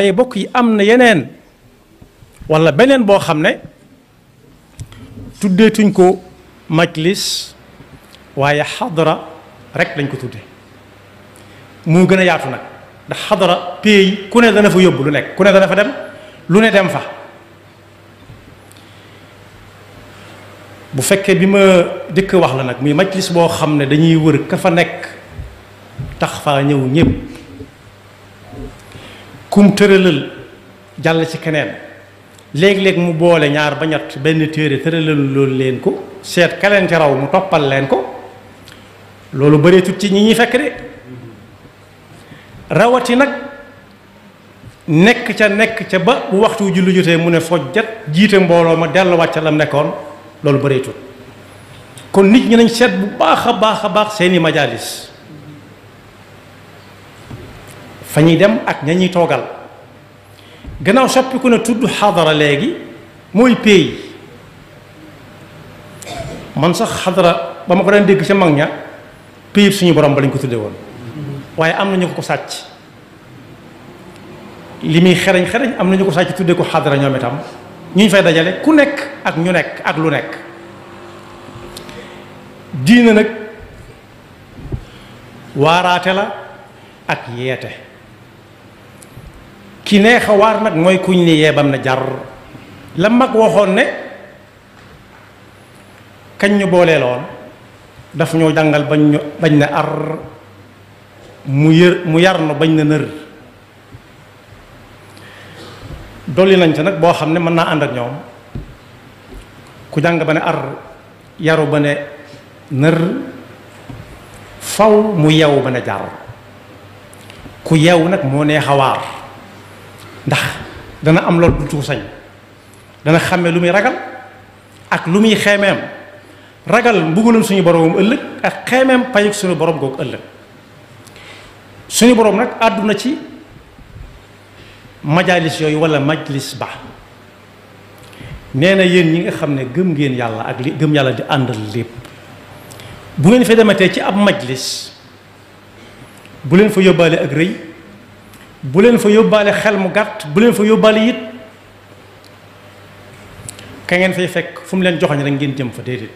waaye bokk yi am na yeneen wala beneen boo xam ne tuddeetuñ ko majlis waaye xadara rek lañ ko tudde moo gën a yaatu nag ndax xadara pays ku ne dana fa yóbbu lu nekk ku ne dana fa dem lu ne dem fa bu fekkee bi ma dëkk wax la nag muy majlis boo xam ne dañuy wër ka fa nekk tax faa ñëw ñëpp kum tëralal jàll ci keneen léeg-léeg mu boole ñaar ba benn téere tëralal loolu leen ko seet keneen ci raw mu toppal leen ko loolu bëreetut ci ñi ñuy fekk de rawati nag nekk ca nekk ca ba bu waxtu julli jotee mu ne fojjat jiite mbooloo ma delluwaat ca lam nekkoon loolu bëreetut kon nit ñi nañ seet bu baax a baax a baax seeni majaalis fa dem ak ña togal, gënaaw soppi ku ne tudd xadara léegi mooy pays man sax xadara ba ma ko daan dégg ca mag ña pays suñu borom ba lañ ko tudde woon waaye am nañu ko sàcc li muy xereñ xereñ am nañu ko sàcc tudde ko xadara ñoom itam ñu fay dajale ku nekk ak ñu nekk ak lu nekk diina nag waaraate ak yeete ki neex a waar nag mooy kuñ ni yeebam na jar la mag waxoon ne kañ ñu booleeloon daf ñoo jàngal bañ ñu bañ na ar mu yër mu yar na bañ na nër dolli nañ ca nag boo xam ne mën naa ànd ak ñoom ku jàng ba ne ar yaru ba ne nër faw mu yew ba ne jar ku yew nag moo neex a waar ndax dana am loolu du sañ dana xàmme lu muy ragal ak lu muy xeemeem ragal mbugalum suñu boromam ëllëg ak xeemeem payug suñu borom googu ëllëg suñu borom nag àdduna ci majalis yooyu wala majlis ba nee na yéen ñi nga xam ne gëm ngeen yàlla ak li gëm yàlla di àndal lépp bu ngeen fa dematee ci ab majlis bu leen fa yóbbaale ak rëy bu leen fa yóbbaale xel mu gàtt bu leen fa yóbbaale it ka ngeen fay fekk fu mu leen joxoñ rek ngeen jëm fa déedéet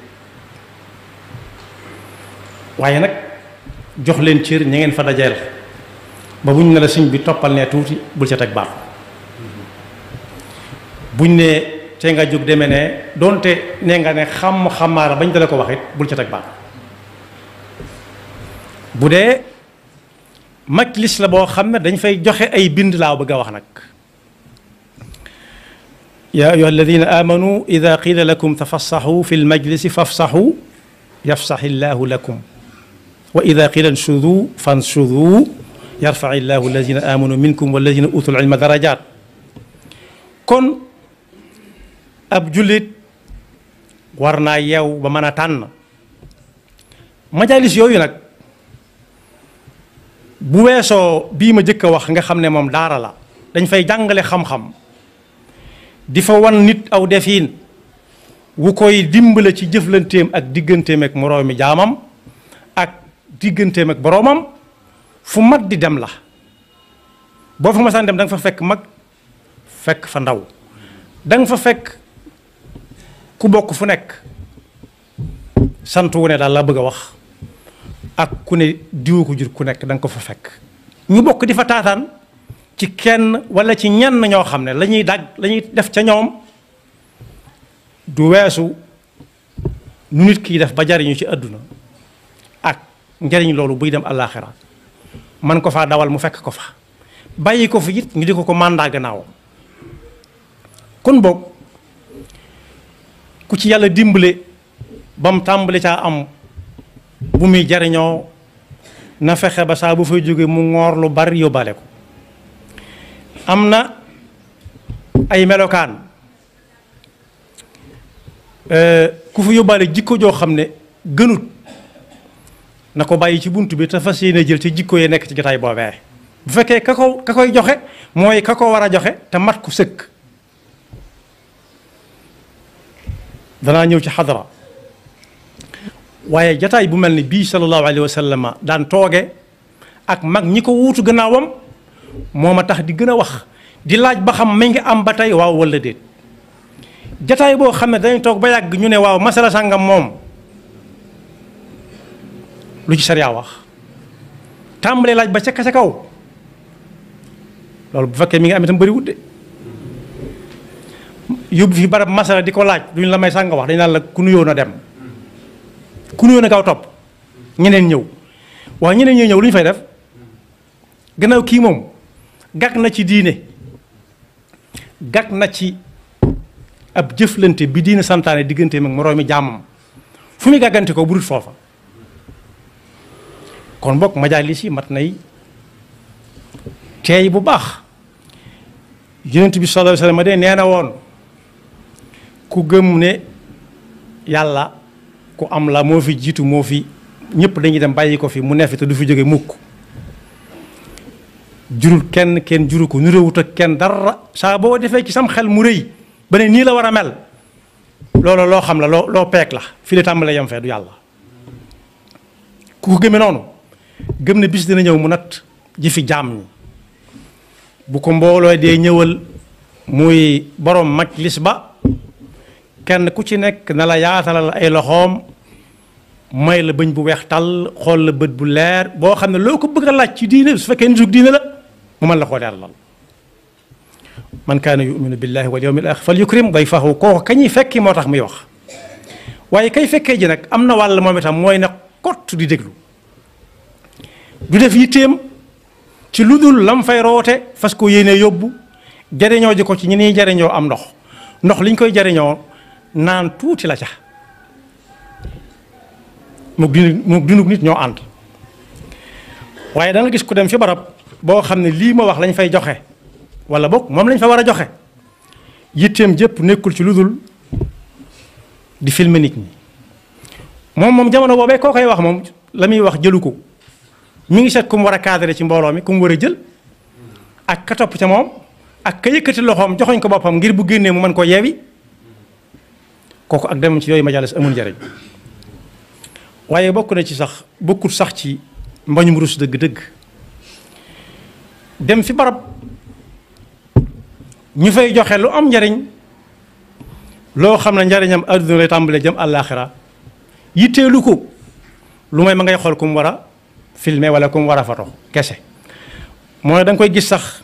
waaye nag jox leen cër ña ngeen fa dajeel ba buñ ne la sëñ bi toppal nee tuuti bul ca teg baax buñ ne te nga jóg deme ne donte nee nga ne xam xamaara bañ dale ko wax it bul ca teg baax bu dee مجلس لا بو خامن دنج فاي جوخي اي بند لا بغا واخ نك يا ايها الذين امنوا اذا قيل لكم تفصحوا في المجلس فافصحوا يفصح الله لكم واذا قيل انشذوا فانشذوا يرفع الله الذين امنوا منكم والذين اوتوا العلم درجات كون اب جوليت ورنا ياو بمانا تان مجالس يوي نك bu weesoo bii ma jëkk a wax nga xam ne moom daara la dañ fay jàngale xam-xam di fa wan nit aw defiin wu koy dimbale ci jëflanteem ak digganteem ak moroomi jaamam ak digganteem ak boroomam fu mag di dem la boo fa masaan dem danga fa fekk mag fekk fa ndaw danga fa fekk ku bokk fu nekk sant wu ne daal laa bëgg a wax ak ku ne diwu ko jur ku nekk da ko fa fekk ñu bokk di fa taataan ci kenn walla ci ñenn ñoo xam ne lañuy ñuy dagg la def ca ñoom du weesu nu nit kiy def ba jariñu ci àdduna ak njariñ loolu buy dem àllaaxira man ko faa dawal mu fekk ko fa bàyyi ko fi it ñu di ko ko màndaa gannaaw kon boog ku ci yàlla dimbale ba mu tàmbali caa am bu muy jariñoo na fexe ba saa bu jóge mu ngoor lu bari yóbbaale ko am na ay melokaan euh, ku fi yóbbaale jikko joo xam ne gënut na ko bàyyi ci bunt bi te fas yéene jël ci jikko yi nekk ci jotaay boobee bu fekkee ka ko ka koy joxe mooy ka ko war a joxe te mat ku sëkk danaa ñëw ci xadara waye jotaay bu melni bi sallallahu alaihi wasallam dan toge ak mag ñiko wutu gënaawam moma tax di gëna wax di laaj ba xam mi ngi am batay waaw wala deet jotaay bo xamne dañ tok ba yag ñu ne waaw masala sangam mom lu ci sharia wax tambale laaj ba ca ca kaw lolou bu fekkee mi ngi am itam wut de yob fi barab masala diko laaj duñ la may sang wax dañ la ku nuyo na dem ku ñëw na topp ñeneen ñëw waaw ñeneen ñëw lu ñu fay def gannaaw kii moom gàkk na ci diine gàkk na ci ab jëflante bi diine santaane diggante mag moroomi jàmm fu muy gàggante ko bu dul foofa kon bokk majaalis yi mat nay teey bu baax yonent bi sallallahu alayhi wa sallam de nee na woon ku gëm ne yàlla ku am la moo fi jiitu moo fi ñëpp dañuy dem ko fi mu neefi te du fi jóge mukk jurul kenn kenn juru ko nuréewut ak kenn dara saa boo defee ci sam xel mu rëy ba ne nii la wara mel lo lo xam la lo lo peeg la fi la tàmbalee yam fee du yalla ku ko gëmee gëm ne bis dina ñëw mu nat ji fi bu ko mbooloo dee ñëwal muy borom majlis ba kenn ku ci nekk na la yaatalal ay loxoom may la bëñ bu weex tàll xool la bët bu leer boo xam ne loo ko bëgg a laaj ci diine su fekkee nusug diine la mu mën la koo leeralal man kaana yuminu billahi wal yawmil axir fal yukrim dayfahu kooku kañuy fekki moo tax muy wax waaye kay fekkee ji nag am na wàll moom itam mooy ne kott di déglu du def yitteem ci lu dul lam fay roote fas ko yéene yóbbu jariñoo ji ko ci ñi niy jariñoo am ndox ndox liñ koy jariñoo naan tuuti la ca mu mu dunug nit ñoo ànd waaye da gis ku dem fi barab boo xam ne lii ma wax lañ fay joxe wala boog moom lañ fa war a joxe yitteem jëpp nekkul ci lu dul di filmer nit ñi moom moom jamono boobee koo koy wax moom la muy wax jëlu ko mi ngi seet ku mu war a cadré ci mbooloo mi ku mu war a jël ak ka topp ca moom ak ka yëkkati loxoom joxoñ ko boppam ngir bu génnee mu mën koo yeewi koku ak dem ci yoy majalis amul njariñ waye bokku na ci sax bokku sax ci mbañum rus deug deug dem fi barab ñu fay joxe lu am jarign lo xamna jarignam njariñam lay tambale jëm àllaaxira yitteelu ko lu may ma ngay xol kum wara filmé wala kum wara war kessé foto kese koy gis sax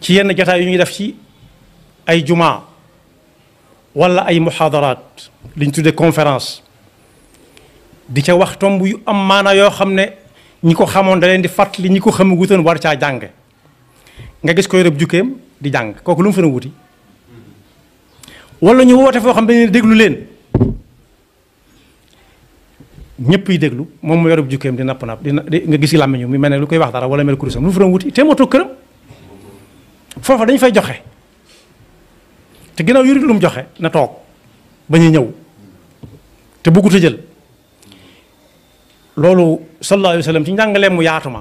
ci yenn jotaay yu ñuy def ci ay jumaa wala أي muxaadaraat liñ tuddee conférence di ca wax tomb yu am maanaa yoo xam ne ñi ko xamoon da leen di fàttali ñi ko xamagutoon war nga gis ko yërëb jukkeem di jàng kooku lu mu fa wuti wala ñu woote foo xam ne déglu leen ñëpp yi déglu moom mu yërëb jukkeem di napp napp di nga gis làmmiñu mi mel lu koy wax dara wala mel kurusam lu mu wuti te moo toog këram foofa dañ fay joxe te ginnaaw yurut lu mu joxe na toog ba ñu ñëw te bëggut a jël loolu sallallahu alayhi wa sallam ci njàngaleem mu yaatuma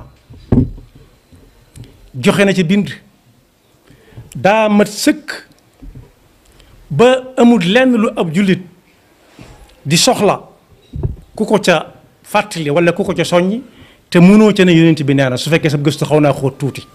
joxe na ci bind daa mat sëkk ba amul lenn lu ab jullit di soxla ku ko ca fàttali wala ku ko ca soññi te mënoo ca ne yonent bi nee na su fekkee sa gëstu xaw naa xóot tuuti